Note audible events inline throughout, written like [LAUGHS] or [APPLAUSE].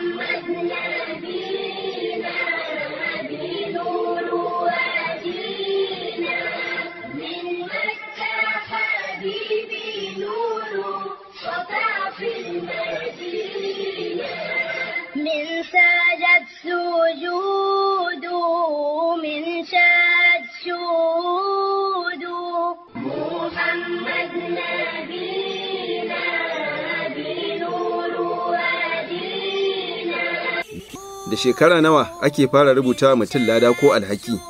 محمد نبينا da shekara nawa ake fara rubuta mutum lada ko alhaki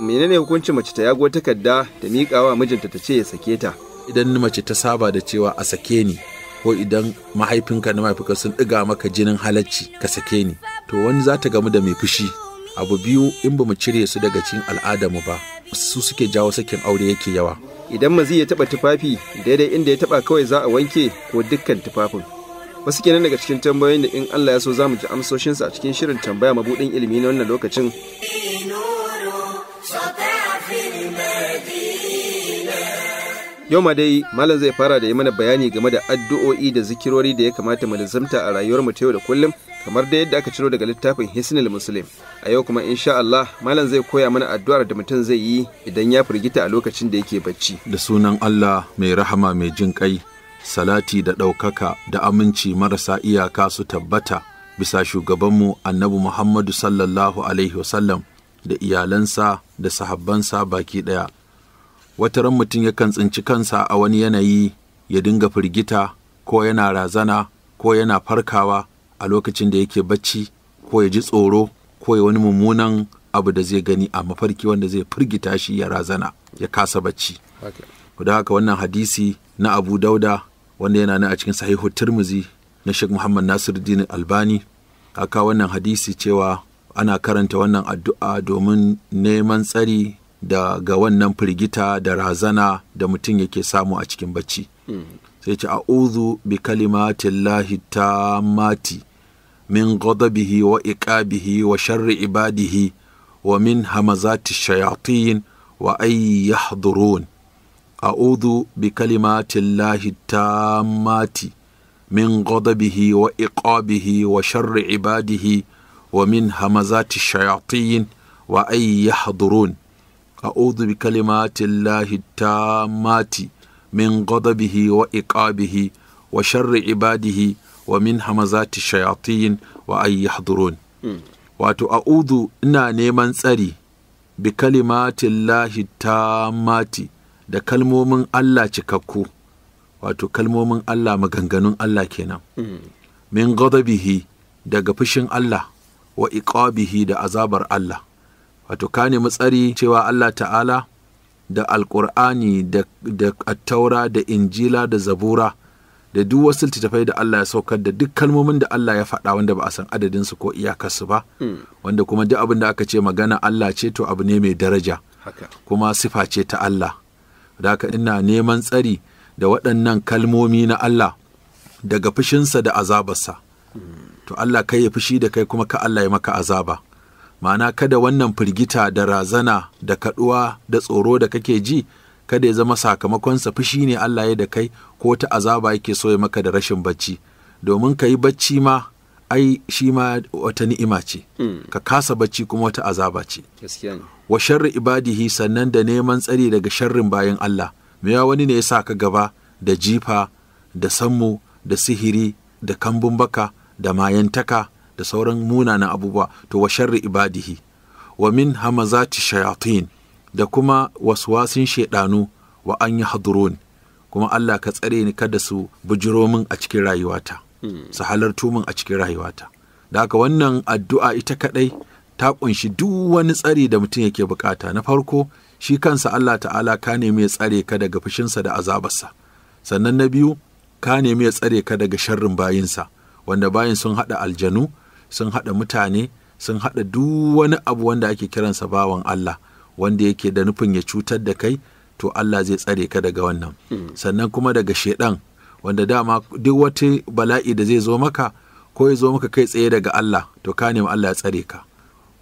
menene hukuncin mace ta yago takarda da miƙawa mijinta ta ce ya sake ta idan mace ta saba da cewa a sake ni ko idan mahaifinka na mahaifinka sun ɗiga maka jinin halacci ka sake ni to wani za ta gamu da mai fushi abu biyu in ba mu cire su daga cikin mu ba su suke jawo sakin aure yake yawa idan mazi ya taɓa tufafi daidai inda ya taɓa kawai za a wanke ko dukkan tufafin wasu kenan daga cikin tambayoyin da in Allah ya so za mu ji amsoshinsa a cikin shirin tambaya mabudin ilimi na wannan lokacin. Yau ma dai Malam zai fara da yi mana bayani game da addu'o'i da zikirori da ya kamata mu lizamta a rayuwar mu ta yau da kullum kamar da yadda aka ciro daga littafin Hisnul Muslim. A yau kuma insha Allah Malam zai koya mana addu'ar da mutum zai yi idan ya firgita a lokacin da yake bacci. Da sunan Allah mai rahama mai jin kai salati da ɗaukaka da aminci marasa iyaka su tabbata bisa shugabanmu annabi Muhammadu sallallahu Alaihi wasallam da iyalansa da sahabbansa baki ɗaya. Wata ran mutum yakan tsinci kansa a wani yanayi ya dinga firgita ko yana razana ko yana farkawa a lokacin da yake bacci ko ya ji tsoro ko ya wani mummunan abu da zai gani a mafarki wanda zai firgita shi ya razana ya kasa bacci. Okay. haka wannan hadisi na Abu Dauda wanda yana nan a cikin sahihu turmuzi na Sheikh Muhammad Nasiruddin Albani aka wannan hadisi cewa ana karanta wannan addu'a domin neman tsari daga wannan firgita da razana da mutum yake samu a cikin bacci sai ce a'udhu bi kalimatillahi tammati min ghadabihi wa iqabihi wa sharri ibadihi wa min hamazati shayatin wa ay yahdurun a'udhu bi kalimatin lahi tammati min ghadabihi wa iqabihi wa sharri ibadihi wa min hamazati shayatin wa ay yahdurun a'udhu bi kalimatin lahi tammati min ghadabihi wa iqabihi wa sharri wa min hamazati wa wato audu ina neman tsari bi kalimatin lahi mati. da kalmomin Allah cikakku wato kalmomin Allah maganganun Allah kenan min ghadabihi daga fushin Allah wa iqabihi da azabar Allah wato ka nemi tsari cewa Allah ta'ala da alƙur'ani da, da attaura da injila da zabura da duk wasu littattafai da Allah ya saukar da duk kalmomin da Allah ya faɗa wanda ba a san adadinsu ko iyakarsu ba wanda kuma duk abin da aka ce magana Allah ce to abu ne mai daraja kuma sifa ce ta Allah Daka ina neman tsari da waɗannan kalmomi na Allah daga fushinsa da azabarsa. To Allah kai ya fushi da kai kuma ka Allah ya maka azaba. Ma'ana kada wannan firgita da razana da kaɗuwa da tsoro da kake ji kada ya zama sakamakonsa fushi ne Allah ya da kai ko ta azaba yake so ya maka da rashin bacci. Domin ka yi bacci ma ai shi ma wata ni'ima ce, hmm. ka kasa bacci kuma wata azaba ce. wa sharri ibadihi sannan da neman tsari daga sharrin bayan Allah ya wani ne ya sa ka gaba da jifa da sammu da sihiri da kambun baka da mayantaka da sauran munanan abubuwa to wa sharri ibadihi wa min hamazati shayatin da kuma waswasin shaidanu wa an yi hadurun kuma Allah ka tsare ni kada su bujiro min a cikin rayuwata hmm. su halartu min a cikin rayuwata da haka wannan addu'a ita kadai ta ƙunshi duk wani tsari da mutum yake bukata na farko shi kansa Allah ta'ala ka nemi ya tsare ka daga fushinsa da azabarsa sannan na biyu ka nemi ya tsare ka daga sharrin bayinsa wanda bayin sun haɗa aljanu sun haɗa mutane sun haɗa duk wani abu wanda ake kiransa bawan Allah wanda yake da nufin ya cutar da kai to Allah zai tsare ka daga wannan hmm. sannan kuma daga shedan wanda dama duk wata bala'i da zai zo maka ko ya zo maka kai tsaye daga Allah to ka nemi Allah ya tsare ka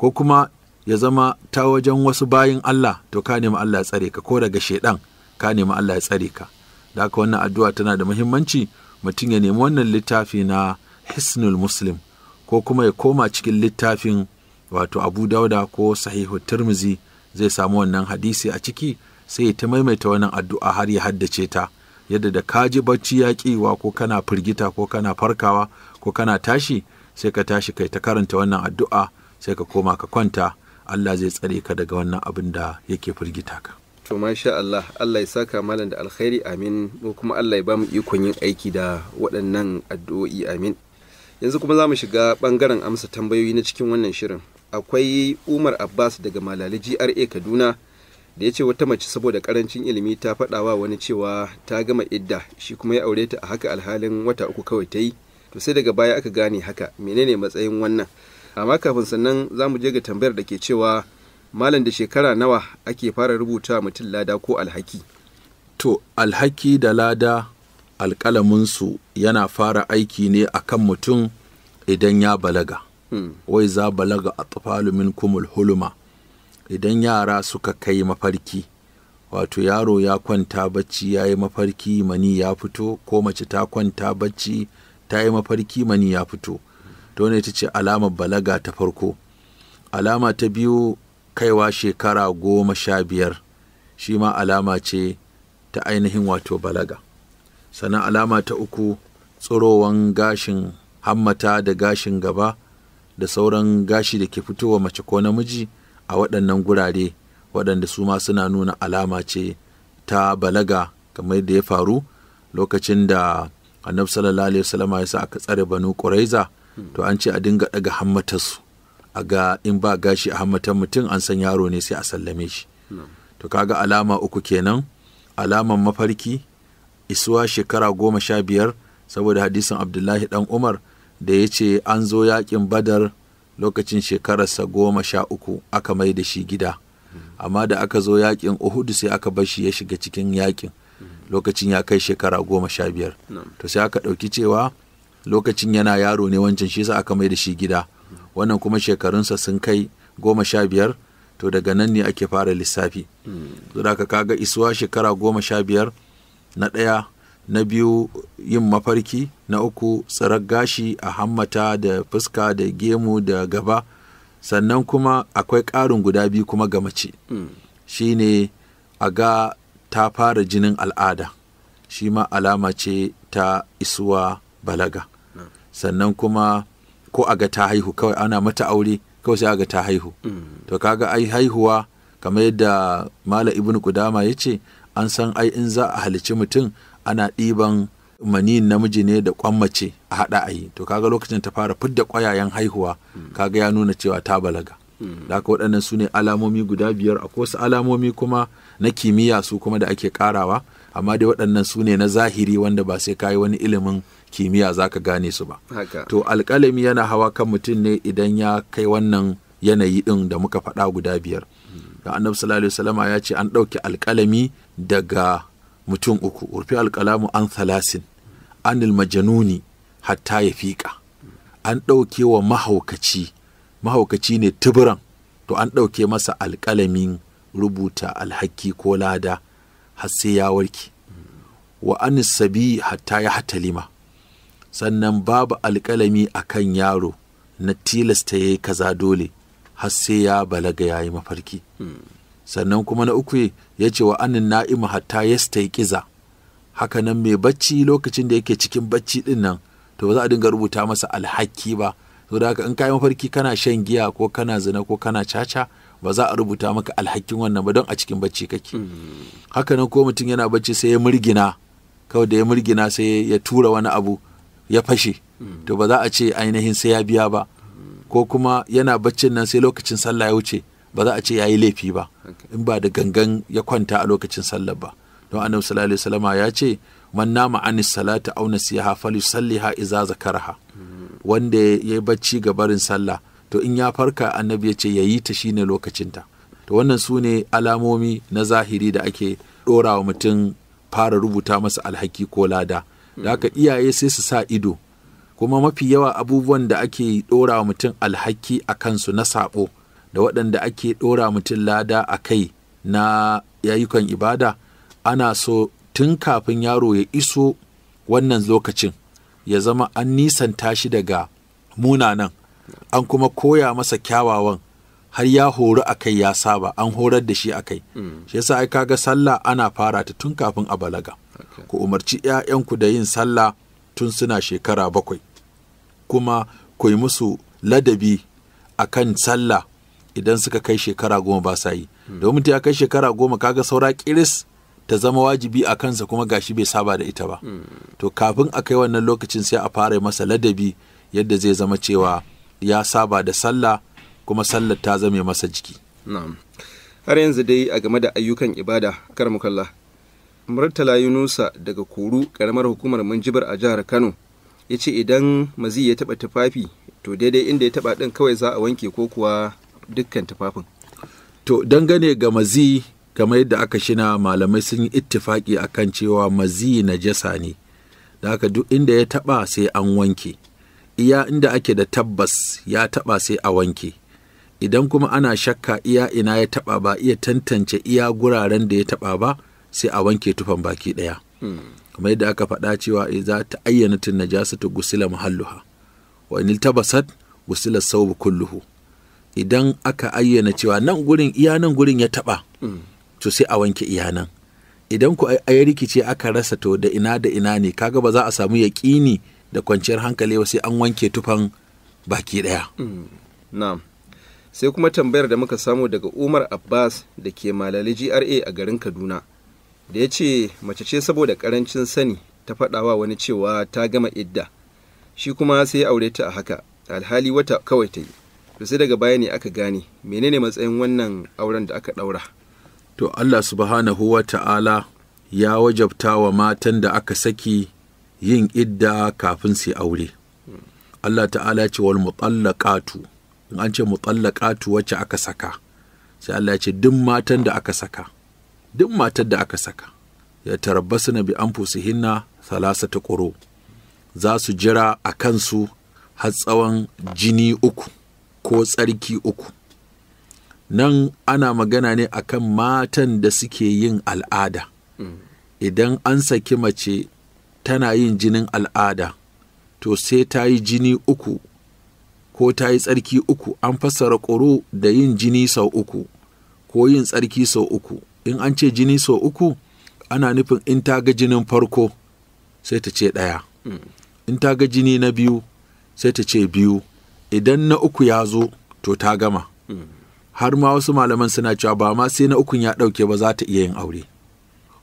ko kuma ya zama ta wajen wasu bayin Allah to ka nemi Allah ya tsare ka ko daga shedan ka nemi Allah ya tsare ka da haka wannan addu'a tana da muhimmanci mutum ya nemi wannan littafi na hisnul muslim ko kuma ya koma cikin littafin wato abu dauda ko sahihu Tirmidhi zai samu wannan hadisi a ciki sai ya ta maimaita wannan addu'a har ya haddace ta yadda da ka ji bacci ya kiwa ko kana firgita ko kana farkawa ko kana tashi sai ka tashi kai ta karanta wannan addu'a sai ka koma ka kwanta Allah zai tsare ka daga wannan abin da yake firgita ka to masha Allah Allah ya saka malam da alkhairi amin ko kuma Allah ya bamu ikon yin aiki da waɗannan addu'o'i amin yanzu kuma za mu shiga ɓangaren amsa tambayoyi na cikin wannan shirin akwai Umar Abbas daga Malali GRA Kaduna da ya ce wata mace saboda karancin ilimi ta faɗawa wani cewa ta gama idda shi kuma ya aure ta a haka alhalin wata uku kawai ta yi to sai daga baya aka gane haka menene matsayin wannan amma kafin sannan za mu je ga tambayar da ke cewa malam da shekara nawa ake fara rubuta mutum lada ko alhaki to alhaki da lada alƙalaminsu yana fara aiki ne a kan mutum idan ya balaga hmm. wai za balaga a tsafalumin kumul huluma idan yara suka kai mafarki wato yaro ya kwanta bacci ya yi mafarki mani ya fito ko mace ta kwanta bacci ta yi mafarki mani ya fito to ne ita ce alamar balaga ta farko alama ta biyu kaiwa shekara goma sha biyar shi ma alama ce ta ainihin wato balaga sannan alama ta uku tsirowan gashin hammata da gashin gaba da sauran gashi da ke fitowa mace ko namiji a waɗannan gurare waɗanda su ma suna nuna alama ce ta balaga kamar da ya faru lokacin da annabi sallallahu alaihi wasallam ya sa aka tsare banu quraiza to an ce a dinga daga hammatarsu a ga in ba gashi a hammatar mutum an san yaro ne sai a sallame shi to kaga alama uku kenan alaman mafarki isuwa shekara goma sha biyar saboda hadisin abdullahi dan umar da ya ce an zo yakin badar lokacin shekararsa goma sha uku aka mai da shi gida amma da aka zo yakin uhudu sai aka bar shi ya shiga cikin yakin lokacin ya kai shekara goma sha biyar to sai aka ɗauki cewa lokacin yana yaro ne wancan shi sa aka mai da shi gida wannan kuma shekarunsa sun kai goma sha biyar to daga nan ne ake fara lissafi to hmm. da kaga isuwa shekara goma sha biyar na ɗaya na biyu yin mafarki na uku tsirar gashi a hammata da fuska da gemu da gaba sannan kuma akwai ƙarin guda biyu kuma ga mace hmm. shi ne a ga ta fara jinin al'ada shi ma alama ce ta isuwa balaga sannan kuma ko a ga ta haihu kawai ana mata aure kawai sai a ga ta haihu mm. to kaga ai haihuwa kamar yadda mala ibn kudama ya ce an san ai in za a halici mutum ana ɗiban mani namiji ne da kwan mace a haɗa a yi to kaga lokacin ta fara fidda ƙwayayen haihuwa mm. kaga ya nuna cewa ta balaga mm. da haka waɗannan su ne alamomi guda biyar a wasu alamomi kuma na kimiyya su kuma da ake ƙarawa amma dai waɗannan su ne na zahiri wanda ba sai kayi wani ilimin kimiyya za ka gane su ba to alƙalami yana hawa kan mutum ne idan ya kai wannan yanayi ɗin da muka faɗa guda biyar hmm. da annabi sallallahu alaihi ya ce an ɗauki alƙalami daga mutum uku urfi alƙalamu an salasin anil majanuni hatta ya fiƙa an ɗauke wa mahaukaci mahaukaci ne tuburan to an ɗauke masa alƙalamin rubuta alhaki ko lada har sai ya warke hmm. wa anis sabi hatta ya hatalima sannan babu alƙalami a kan yaro na tilasta ya yi kaza dole har sai ya balaga ya yi mafarki sannan kuma na uku ya ce wa annin na'imu hatta ya kiza hakanan mai bacci lokacin da yake cikin bacci din nan to ba za a dinga rubuta masa alhaki ba da haka in ka yi mafarki kana shan giya ko kana zina ko kana caca ba za a rubuta maka alhakin wannan ba don a cikin bacci kake hmm. hakanan ko mutum yana bacci sai ya murgina kawai da ya murgina sai ya tura wani abu ya fashe to ba za a ce ainihin sai ya biya ba ko kuma yana baccin nan sai lokacin sallah ya wuce ba za a ce ya yi laifi ba in ba da gangan ya kwanta a lokacin sallah ba don annabi sallallahu alaihi wasallam ya ce man nama anis salata aw nasiha falyusalliha idza zakaraha wanda ya yi bacci ga barin sallah to in ya farka annabi ya ce ya yi ta shine lokacinta to wannan su ne alamomi na zahiri da ake dora wa mutum fara rubuta masa alhaki ko lada da haka iyaye sai su sa ido kuma mafi yawa abubuwan da ake ɗora mutum alhaki a kansu na saɓo da waɗanda ake ɗora mutum lada a kai na yayukan ibada ana so tun kafin yaro ya iso wannan lokacin ya zama an nisanta shi daga munanan an kuma koya masa kyawawan har ya horu a kai ya saba an horar da shi a kai mm. shi yasa ai kaga sallah ana fara ta tun kafin a balaga ku umarci ‘ya'yanku da yin sallah tun suna shekara bakwai kuma ku yi musu ladabi a kan sallah idan suka kai shekara goma ba sa yi hmm. domin ta kai shekara goma kaga saura kiris ta zama wajibi a kansa kuma gashi bai saba da ita ba hmm. to kafin a kai wannan lokacin sai a fara masa ladabi yadda zai zama cewa ya saba da sallah kuma sallar ta zame masa jiki har yanzu dai a game da ayyukan ibada kar kalla. murtala yunusa daga kuru karamar hukumar manjibar a jihar kano ya ce idan mazi ya taba tufafi to daidai inda ya taba din kawai za a wanke ko kuwa dukkan tufafin to dangane ga mazi kamar yadda aka shina malamai sun yi ittifaki akan cewa mazi na jasa ne da aka duk inda ya taba sai an wanke iya inda ake da tabbas ya taba sai a wanke idan kuma ana shakka iya ina ya taba ba iya tantance iya guraren da ya taba ba sai a wanke tufan baki ɗaya kamar yadda aka faɗa cewa eh, za ta ayyana tun ta gusila muhalluha wa in tabasat gusila saubu kulluhu idan aka ayyana cewa nan gurin iya nan gurin ya taɓa to sai a wanke iya nan idan ku yi rikice aka rasa to da ina da ina ne kaga ba za a samu yaƙini da kwanciyar hankali ba sai an wanke tufan baki ɗaya. na'am sai kuma tambayar da muka samu daga umar abbas da ke malali gra a garin kaduna da ya ce mace ce saboda karancin sani ta faɗawa wani cewa ta gama idda shi kuma sai ya aure ta a haka alhali wata kawai ta yi to sai daga baya ne aka gane menene matsayin wannan auren da aka ɗaura to Allah subhanahu wa ta'ala ya wajabta wa matan da aka saki yin idda kafin su aure Allah ta'ala ce wal mutallaqatu in an ce mutallaqatu wacce aka saka sai Allah ya ce duk matan da aka saka duk matar da aka saka ya tarabbasu na bi an hinna salasa ta ƙoro za su jira a kansu har tsawon jini uku ko tsarki uku nan ana magana ne a kan matan da suke yin al'ada idan an saki mace tana yin jinin al'ada to sai ta yi jini uku ko ta yi tsarki uku an fassara ƙoro da yin jini sau uku ko yin tsarki sau uku in an ce jini sau uku ana nufin in ta ga jinin farko sai ta ce ɗaya in ta ga jini na biyu sai ta ce biyu idan na uku ya zo to ta gama har ma wasu malaman suna cewa ba ma sai na ukun ya ɗauke ba za ta iya yin aure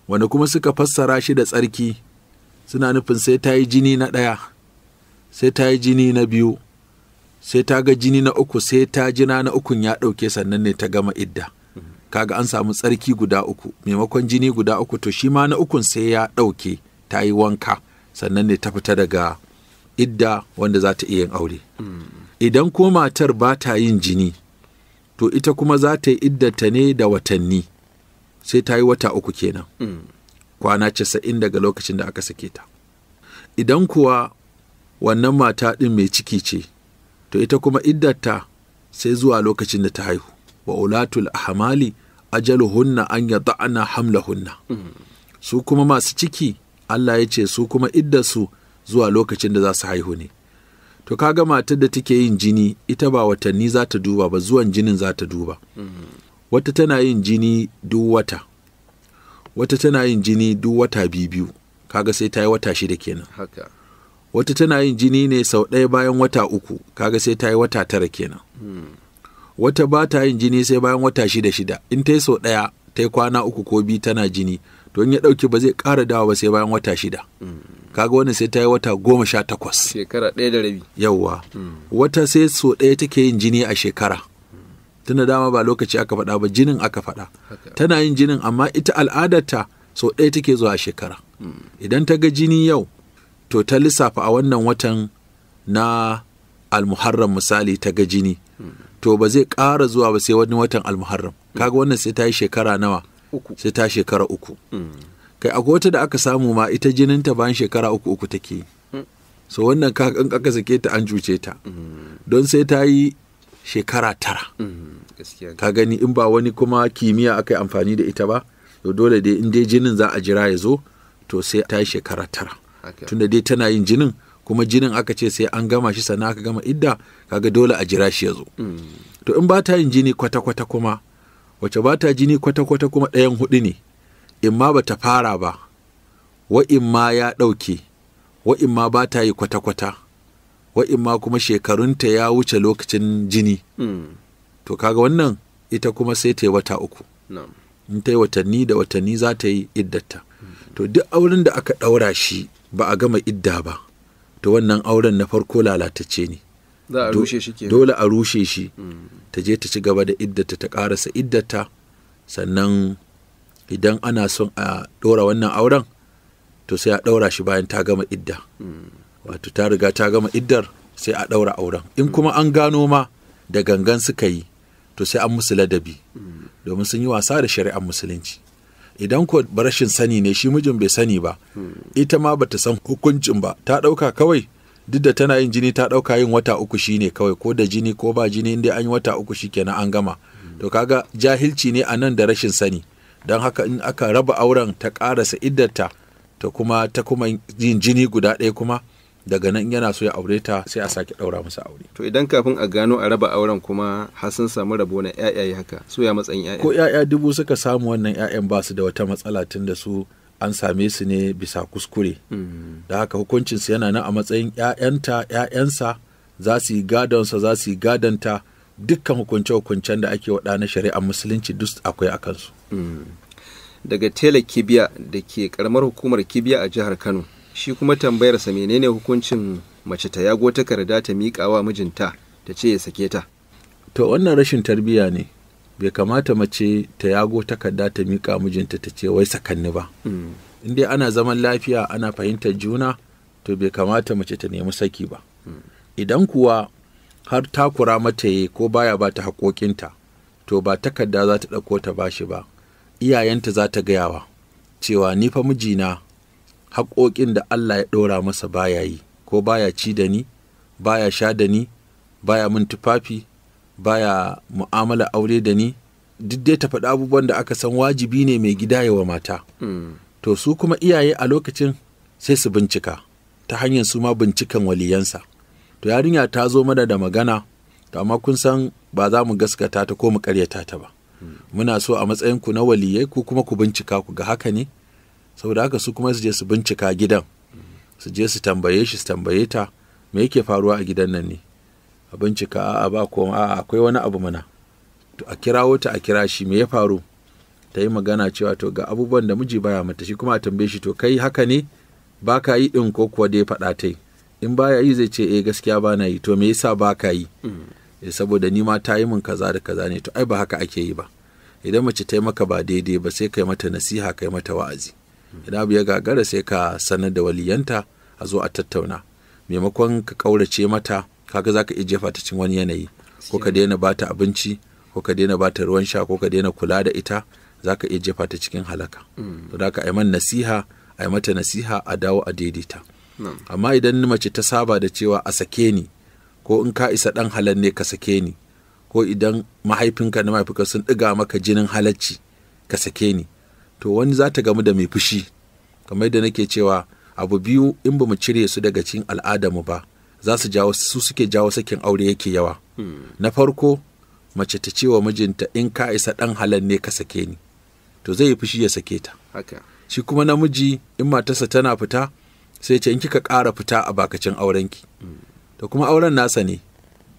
wanda kuma suka fassara shi da tsarki suna nufin sai ta yi jini na ɗaya sai ta yi jini na biyu sai ta ga jini na uku sai ta jina na ukun ya ɗauke sannan ne ta gama idda kaga an samu tsarki guda uku maimakon jini guda uku to shi ma na ukun sai ya ɗauke ta yi wanka sannan ne ta fita daga idda wanda za ta iya yin aure idan ko matar ba ta yin jini to ita kuma za ta yi iddata ne da watanni sai ta yi wata uku kenan kwana casa'in daga lokacin da aka sake ta idan kuwa wannan mata ɗin mai ciki ce to ita kuma iddata sai zuwa lokacin da ta haihu wa ulatul ahmali ajaluhunna an yada'na hamlahunna su kuma masu ciki Allah ya ce su kuma iddarsu zuwa lokacin da za su haihu ne to kaga matar da take yin jini ita ba watanni za ta duba ba zuwan jinin za ta duba wata tana yin jini duk wata wata tana yin jini duk wata biyu kaga sai ta yi wata shida kenan wata tana yin jini ne sau ɗaya bayan wata uku kaga sai ta yi wata tara kenan hmm. wata ba ta yin jini sai bayan wata shida shida in ta yi sau ɗaya ta yi kwana uku ko biyu tana jini to in ya ɗauki ba zai ƙara dawa ba sai bayan wata shida mm. kaga wani sai ta yi wata goma sha takwas shekara ɗaya da rabi yawwa mm. wata sai sau ɗaya take yin jini a shekara tana dama ba lokaci aka faɗa ba jinin aka faɗa tana yin jinin amma ita al'adarta sau ɗaya take zuwa a shekara mm. idan ta ga jini yau to ta lissafa a wannan watan na almuharram misali ta ga jini to ba zai ƙara zuwa ba sai wani watan almuharram kaga wannan sai ta yi shekara nawa sai ta shekara uku mm. kai akwai wata da aka samu ma ita jininta bayan shekara uku uku take mm. so wannan ka in aka sake ta an cuce ta mm. don sai ta yi shekara tara ka gani in ba wani kuma kimiyya aka yi amfani da ita ba to dole dai in dai jinin za a jira ya zo to sai ta yi shekara tara tunda dai tana yin jinin kuma jinin aka ce sai an gama shi sannan aka gama idda kaga dole a jira shi ya zo to in ba ta yin jini kwata-kwata kuma wace ba ta jini kwata-kwata kuma ɗayan hudu ne in ma ba ta fara ba Wa in ma ya ɗauke in ma ba ta yi kwata-kwata Wa in ma kuma shekarunta ya wuce lokacin jini to kaga wannan ita kuma sai ta yi wata uku in ta yi watanni da watanni za ta yi iddata to duk auren da aka ɗaura shi ba a gama idda ba to wannan auren na farko lalatacce ne za a rushe shi dole a rushe shi mm. ta je ta ci gaba da iddata ta karasa iddata sannan idan ana son a ɗora wannan auren to sai a ɗaura shi bayan ta gama idda mm. wato ta riga ta gama iddar sai a ɗaura auren in kuma an gano ma da gangan suka yi to sai an musu ladabi mm. domin sun yi wasa da shari'ar musulunci idan ko rashin sani ne shi mijin bai sani ba ita ma bata san hukuncin ba ta ɗauka kawai duk da tana yin jini ta ɗauka yin wata uku shine kawai ko da jini ko ba jini inda an yi wata uku shikenan an gama to kaga jahilci ne a nan da rashin sani don haka in aka raba auren ta karasa iddarta ta kuma ta kuma yin jini guda ɗaya kuma daga nan yana so ya aure ta sai a sake ɗaura masa aure to idan kafin a gano a raba auren kuma har sun samu rabo na yayaye haka su ya matsayin yayaye ko yaya dubu suka samu wannan yayan ba su da wata matsala tun da su an same su ne bisa kuskure hmm. da haka hukuncin su yana nan a matsayin yayanta yayansa za su yi gadon sa za su yi gadonta dukkan hukunce-hukuncen da ake waɗa na shari'ar musulunci duk akwai a kansu hmm. daga tela kibiya da ke karamar hukumar kibiya a jihar kano shi kuma tambayarsa menene hukuncin mace ta yago takarda ta miƙa wa mijinta ta ce ya sake ta to wannan rashin tarbiyya ne bai kamata mace ta yago takarda ta miƙa mijinta ta ce wai sakanni ba hmm. in dai ana zaman lafiya ana fahimtar juna to bai kamata mace ta nemi saki ba hmm. idan kuwa har takura mata yi ko baya ba ta haƙoƙinta to ba takarda za ta ɗauko ta bashi ba iyayenta za ta gayawa cewa ni fa mijina haƙoƙin da Allah ya ɗora masa baya yi ko baya ci da ni baya sha da ni baya min tufafi baya mu'amala aure da ni duk dai ta faɗa abubuwan da aka san wajibi ne mai gida yawa mata hmm. to su kuma iyaye a lokacin sai su bincika ta hanyar su ma bincikan waliyansa to yarinya ta zo mana da magana to amma kun san ba za mu gaskata ta ko mu ƙaryata ta ba hmm. muna so a matsayinku na waliyai ku kuma ku bincika ku ga haka ne saboda haka su kuma su je su bincika gidan su je su tambaye shi su tambaye ta me yake faruwa a gidan nan ne a bincika a'a ba ko a'a akwai wani abu mana to a kirawo ta a kira shi me ya faru ta yi magana cewa to ga abubuwan da miji baya mata shi kuma a tambaye shi to kai haka ne ba ka yi din ko kuwa dai faɗa ta in baya yi zai ce eh gaskiya ba na yi to me yasa ba ka yi eh, saboda ni ma ta yi min kaza da kaza ne to ai ba haka ake yi ba idan mace ta yi maka ba daidai ba sai kai mata nasiha kai mata wa'azi idan abu ya gagara sai ka sanar da waliyanta a zo a tattauna maimakon ka kaurace mata kaga zaka iya jefa ta cikin wani yanayi ko ka daina bata abinci ko ka daina bata ruwan sha ko ka daina kula da ita zaka iya jefa ta cikin halaka to da ka man nasiha ai mata nasiha a dawo a daidaita amma idan mace ta saba da cewa a sake ni ko in ka isa dan halal ne ka sake ni ko idan mahaifinka na mahaifinka sun ɗiga maka jinin halacci ka sake ni to wani za ta gamu da mai fushi kamar da nake cewa abu biyu in ba mu cire su daga cikin al'adarmu ba za su jawo su suke jawo sakin aure yake yawa hmm. na farko mace ta cewa mijinta in ka isa dan halan ne ka sake ni to zai yi fushi ya sake ta shi kuma namiji in matarsa tana fita sai ce in kika ƙara fita a bakacin aurenki hmm. to kuma auren nasa ne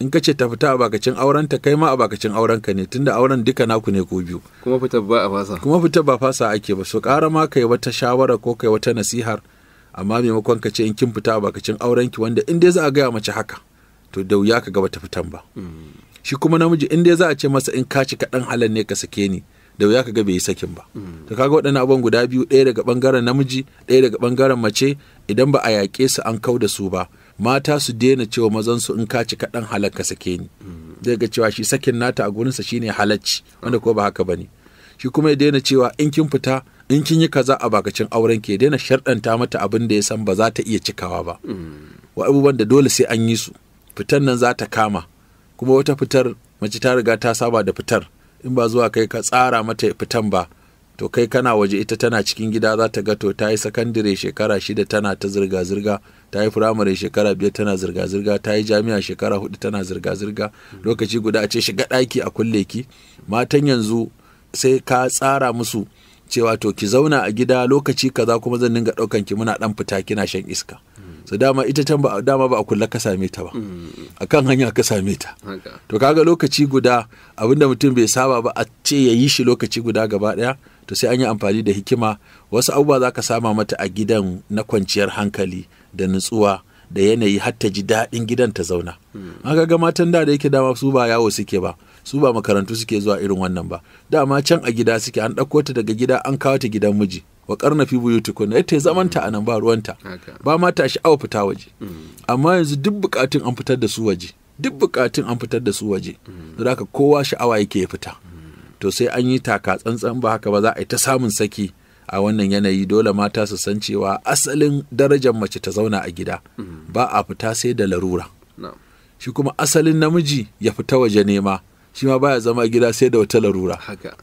in ka ce ta fita a bakacin auren ta kai ma a bakacin auren ka ne tunda auren duka naku ne ko biyu kuma fita ba a fasa kuma fita ba fasa ake ba so ƙara ma kai wata shawara ko kai wata nasihar amma maimakon ka ce in kin fita a bakacin auren ki wanda in dai za a gaya mace haka to da wuya ka ga bata fitan ba mm. shi kuma namiji in dai za a ce masa in ka ci kaɗan halan ne ka sake ni da wuya ka ga bai yi sakin ba mm. to kaga waɗannan abubuwan guda biyu ɗaya daga ɓangaren namiji ɗaya daga ɓangaren mace idan ba a yaƙe su an kau da su ba mata su daina cewa mazansu in ka ci kaɗan halakka sake ni zai ga cewa shi sakin nata a gurinsa shine halacci wanda ko ba haka bane shi kuma ya daina cewa in kin fita in kin yi kaza a bakacin auren ke daina sharɗanta mata abin da ya san ba za ta iya cikawa ba wa abubuwan da dole sai an yi su fitan nan za ta kama kuma wata fitar mace ta riga ta saba da fitar in ba zuwa kai ka tsara mata fitan ba to kai kana waje ita tana cikin gida za ta ga to ta yi sakandire shekara shida tana ta zirga-zirga ta yi firamare shekara biyar tana zirga-zirga ta yi jami'a shekara hudu tana zirga-zirga lokaci guda a ce shiga ɗaki a kulle ki matan yanzu sai ka tsara musu cewa to ki zauna a gida lokaci kaza kuma zan dinga ɗaukan ki muna ɗan fita kina shan iska so dama ita can ba dama ba a kulla ka same ta ba a kan hanya ka same ta to kaga lokaci guda abinda mutum bai saba ba a ce ya yi shi lokaci guda gaba ɗaya to sai an yi amfani da hikima wasu abubuwa za ka sama mata a gidan na kwanciyar hankali da nutsuwa da yanayi har ta ji daɗin gidan ta zauna hmm. an ga matan da da yake dama su ba yawo suke ba su ba makarantu suke zuwa irin wannan ba dama can a gida suke an ɗauko ta daga gida an kawo ta gidan miji wa karna fi buyutukun eh, yadda zamanta a nan ba ruwanta ba ma ta sha'awa fita waje hmm. amma yanzu duk bukatun an fitar da su waje duk bukatun an fitar da su waje zaka hmm. kowa sha'awa yake ya fita to sai an yi taka tsantsan ba haka ba za a yi ta samun saki a wannan yanayi dole mata su san cewa asalin darajar mace ta zauna a gida ba a fita sai da larura shi kuma asalin namiji ya fita waje nema shi ma baya zama gida sai da wata larura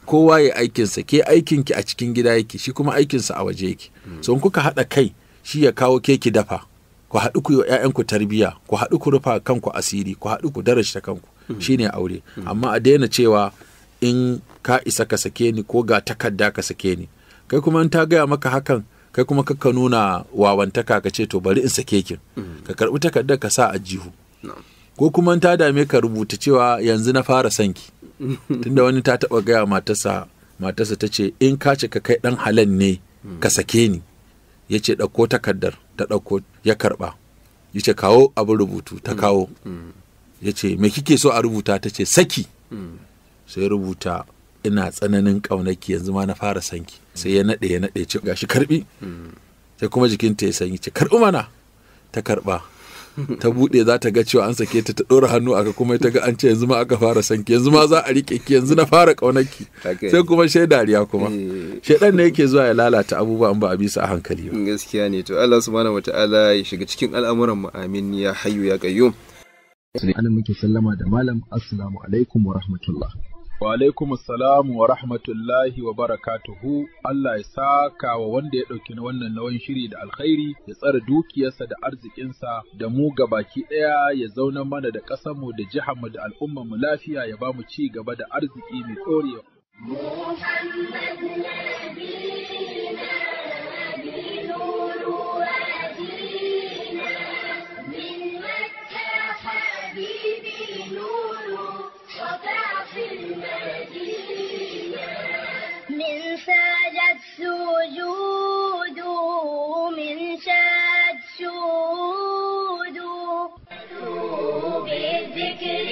kowa ya aikinsa ke aikin ki a cikin gida yake shi kuma aikinsa a waje yake hmm. so in kuka haɗa kai shi ya kawo keki dafa ku haɗu ku yi wa 'ya'yanku tarbiyya ku haɗu ku rufa kanku asiri ku haɗu ku darashta kanku hmm. shine aure hmm. amma a daina cewa in ka isa ka sake ni ko ga takarda ka sake ni kai kuma in ta gaya maka hakan kai kuma ka nuna wawantaka ka ce to bari in sake kin ka karbi takardar ka sa a jihu ko kuma in ta dame ka rubuta cewa yanzu na fara sanki [LAUGHS] tunda wani ta taba gaya matarsa matarsa ta ce in ka ce ka kai dan halan ne ka sake ni ya ce ɗauko takardar ta ɗauko ya karɓa ya ce kawo abin rubutu ta kawo mm. Mm. ya ce me kike so a rubuta ta ce saki mm. sai rubuta ina tsananin ƙaunaki yanzu ma na fara sanki sai ya naɗe ya naɗe ce gashi karbi sai kuma jikinta ya sanyi ce karbi mana ta karba ta buɗe za ta ga cewa an sake ta ta ɗora hannu aka kuma ta ga an ce yanzu ma aka fara sanki yanzu ma za a riƙe ki yanzu na fara ƙaunaki sai kuma shai dariya kuma eh. shaidan ne yake zuwa ya lalata abubuwa an ba a bisa a hankali ba gaskiya ne to Allah subhanahu wataala ya shiga cikin al'amuran mu amin ya hayyu ya qayyum anan muke sallama da malam assalamu alaikum wa rahmatullah Wa alaikum salamu wa rahmatullahi wa barakatuhu Allah ya saka wa wanda ya ɗauki wannan nawan shiri da alkhairi ya tsara dukiyarsa da arzikinsa da mu baki ɗaya ya zauna mana da ƙasarmu da mu da al'ummarmu lafiya ya ba mu ci gaba da arziki mai ɗorewa. Okay. سجد سجود من سد سود بالذكر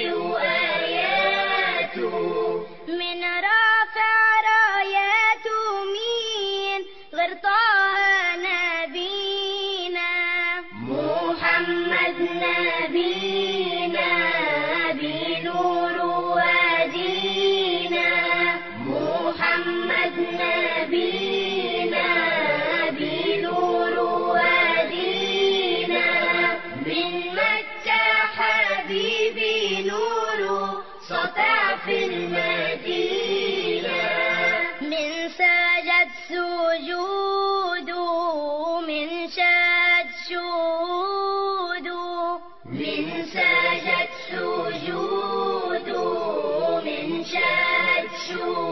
shoes.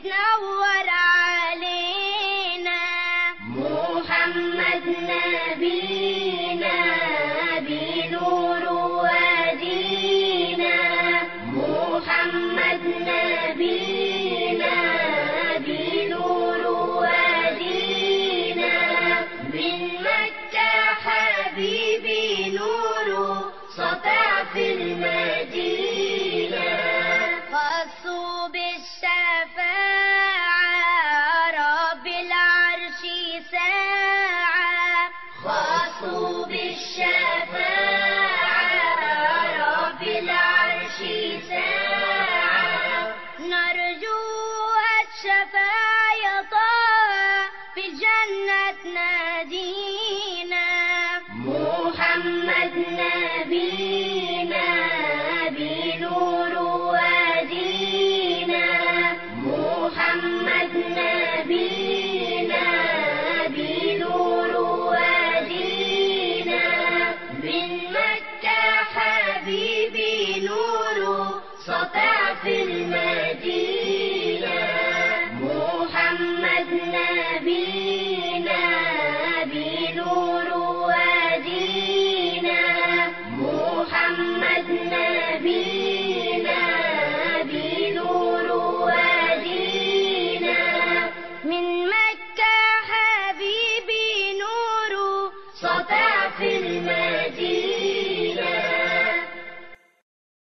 تتأول